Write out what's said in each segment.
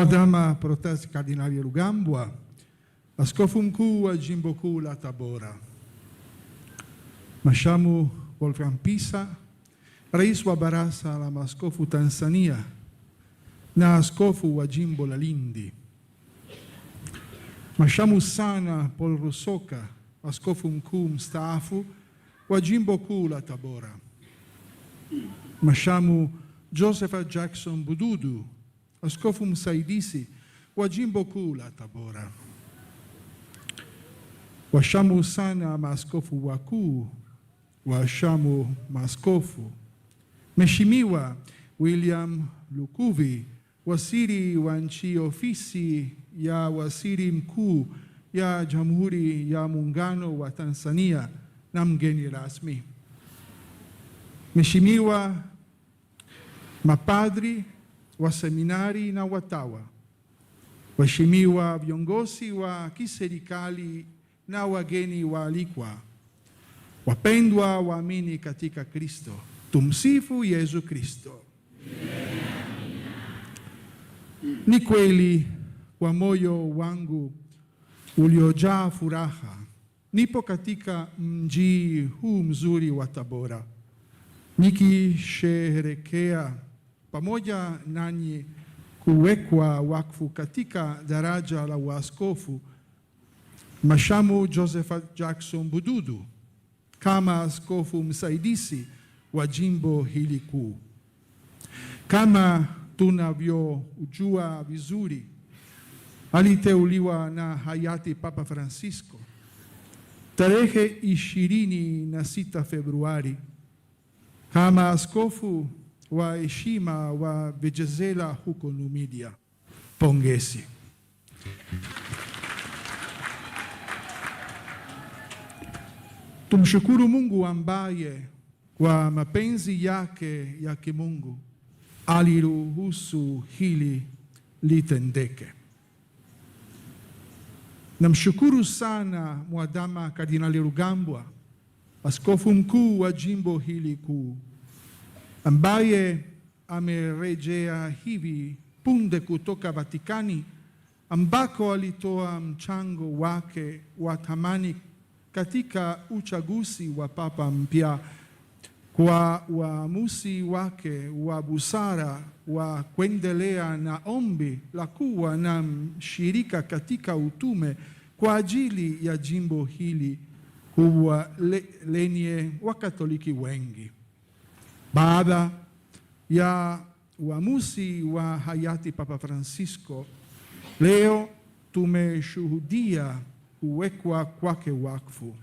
Mwadhama protas Kardinali lugambua askofu mkuu wa jimbo la Tabora, Mashamu Wolfgang Pisa, rais wa la mascofu Tanzania na askofu wa jimbo la Lindi, Mashamu sana Paul Rusoka, askofu mkuu mstaafu wa jimbo la Tabora, Mashamu Josepha Jackson Bududu askofu msaidizi wa jimbo kuu la Tabora. Washamu sana maaskofu wakuu, washamu maaskofu, Mheshimiwa William Lukuvi, waziri wa nchi ofisi ya waziri mkuu ya Jamhuri ya Muungano wa Tanzania na mgeni rasmi, Mheshimiwa mapadri wa seminari na watawa, waheshimiwa viongozi wa kiserikali na wageni waalikwa, wapendwa waamini katika Kristo, tumsifu Yesu Kristo. Ni kweli kwa moyo wangu uliojaa furaha nipo katika mji huu mzuri wa Tabora nikisherekea pamoja nanyi kuwekwa wakfu katika daraja la uaskofu mashamu Joseph Jackson Bududu kama askofu msaidisi wa jimbo hili kuu. Kama tunavyojua vizuri, aliteuliwa na hayati Papa Francisco tarehe ishirini na sita Februari kama askofu wa heshima wa vijezela huko Numidia. Pongezi. Tumshukuru Mungu ambaye kwa mapenzi yake ya kimungu aliruhusu hili litendeke. Namshukuru sana Mwadhama Kardinali Rugambwa, askofu mkuu wa jimbo hili kuu ambaye amerejea hivi punde kutoka Vatikani ambako alitoa mchango wake wa thamani katika uchaguzi wa papa mpya kwa uamuzi wake wa busara wa kuendelea na ombi la kuwa na mshirika katika utume kwa ajili ya jimbo hili kubwa lenye Wakatoliki wengi. Baada ya uamuzi wa hayati Papa Francisco, leo tumeshuhudia kuwekwa kwake wakfu.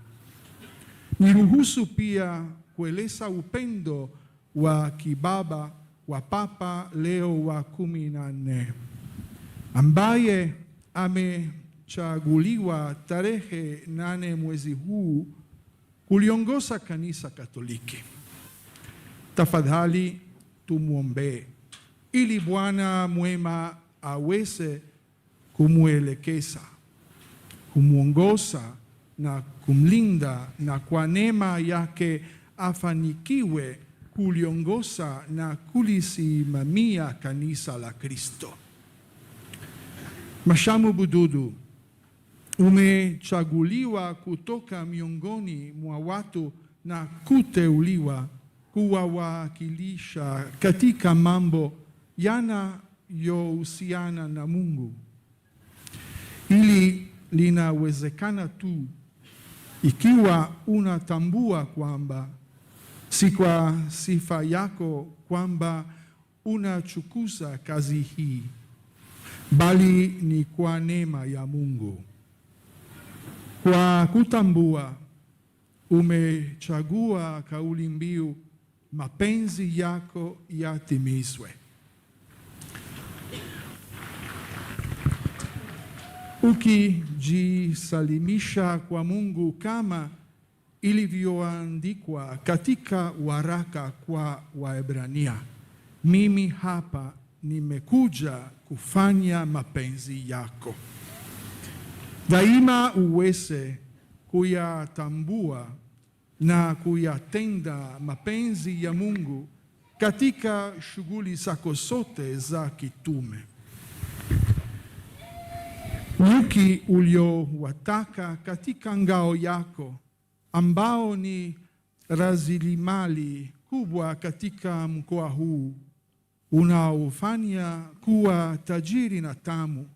Niruhusu pia kueleza upendo wa kibaba wa Papa Leo wa kumi na nne ambaye amechaguliwa tarehe nane mwezi huu kuliongoza kanisa Katoliki. Tafadhali tumwombee ili Bwana mwema aweze kumwelekeza, kumwongoza na kumlinda, na kwa neema yake afanikiwe kuliongoza na kulisimamia kanisa la Kristo. Mashamu Bududu, umechaguliwa kutoka miongoni mwa watu na kuteuliwa huwawakilisha katika mambo yanayohusiana na Mungu. Hili linawezekana tu ikiwa unatambua kwamba si kwa sifa yako kwamba unachukuza kazi hii, bali ni kwa neema ya Mungu. Kwa kutambua, umechagua kauli mbiu mapenzi yako yatimizwe. Ukijisalimisha kwa Mungu kama ilivyoandikwa katika waraka kwa Waebrania, mimi hapa nimekuja kufanya mapenzi yako. Daima kuya kuyatambua na kuyatenda mapenzi ya Mungu katika shughuli zako zote za kitume. Nyuki uliowataka katika ngao yako, ambao ni rasilimali kubwa katika mkoa huu unaofanya kuwa tajiri na tamu,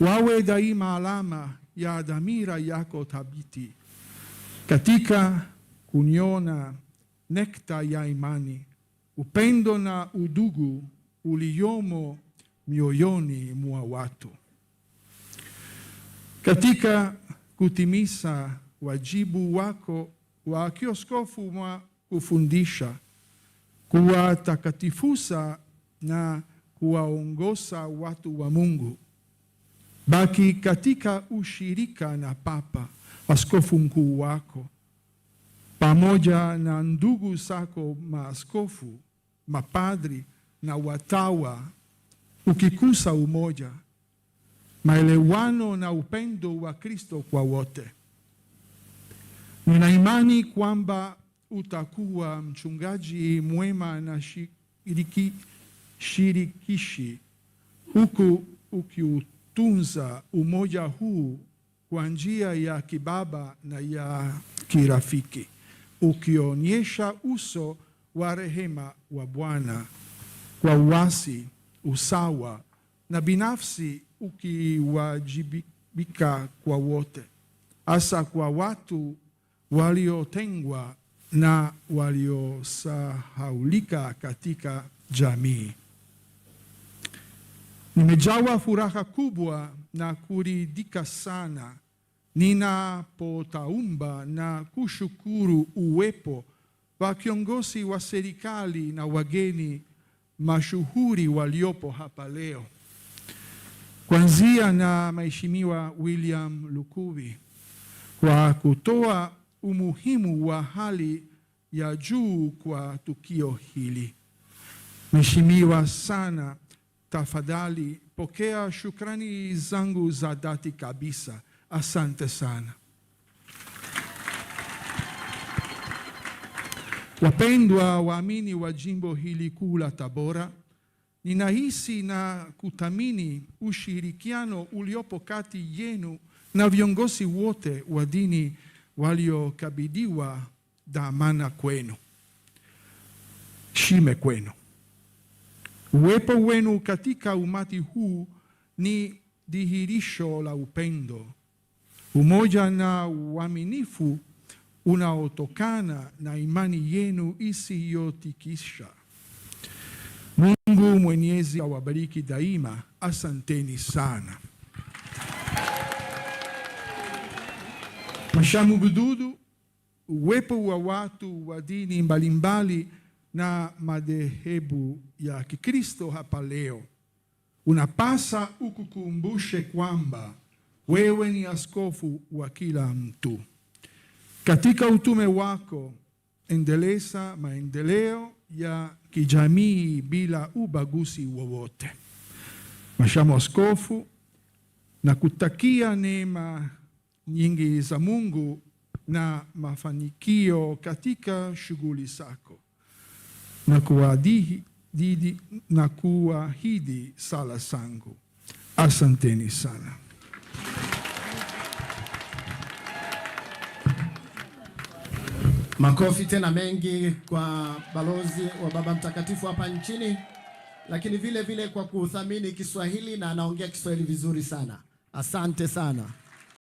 wawe daima alama ya dhamira yako thabiti katika kuniona nekta ya imani, upendo na udugu uliyomo mioyoni mwa watu. Katika kutimisa wajibu wako wa kioskofu mwa kufundisha, kuwatakatifusa na kuwaongoza watu wa Mungu, baki katika ushirika na Papa, askofu mkuu wako pamoja na ndugu zako maaskofu, mapadri na watawa, ukikusa umoja, maelewano na upendo wa Kristo kwa wote. Nina imani kwamba utakuwa mchungaji mwema na shiriki, shirikishi huku ukiutunza umoja huu kwa njia ya kibaba na ya kirafiki ukionyesha uso wa rehema wa Bwana kwa uwasi, usawa na binafsi, ukiwajibika kwa wote, hasa kwa watu waliotengwa na waliosahaulika katika jamii. Nimejawa furaha kubwa na kuridhika sana ninapotaumba na kushukuru uwepo wa kiongozi wa serikali na wageni mashuhuri waliopo hapa leo, kuanzia na Mheshimiwa William Lukuvi kwa kutoa umuhimu wa hali ya juu kwa tukio hili. Mheshimiwa sana, tafadhali pokea shukrani zangu za dhati kabisa. Asante sana wapendwa waamini wa jimbo hili kuu la Tabora, ninahisi na kuthamini ushirikiano uliopo kati yenu na viongozi wote wa dini waliokabidhiwa dhamana kwenu. Shime kwenu. Uwepo wenu katika umati huu ni dhihirisho la upendo Umoja na uaminifu unaotokana na imani yenu isiyotikisha. Mungu Mwenyezi awabariki daima. Asanteni sana. Mashambududu, uwepo wa watu wa dini mbalimbali na madhehebu ya Kikristo hapa leo unapasa ukukumbushe kwamba wewe ni askofu wa kila mtu. Katika utume wako endeleza maendeleo ya kijamii bila ubaguzi wowote. Mashamo Askofu, kutakia neema nyingi za Mungu na mafanikio katika shughuli zako na kuahidi sala zangu. Asanteni sana. Makofi tena mengi kwa balozi wa Baba Mtakatifu hapa nchini, lakini vile vile kwa kuthamini Kiswahili na anaongea Kiswahili vizuri sana. Asante sana.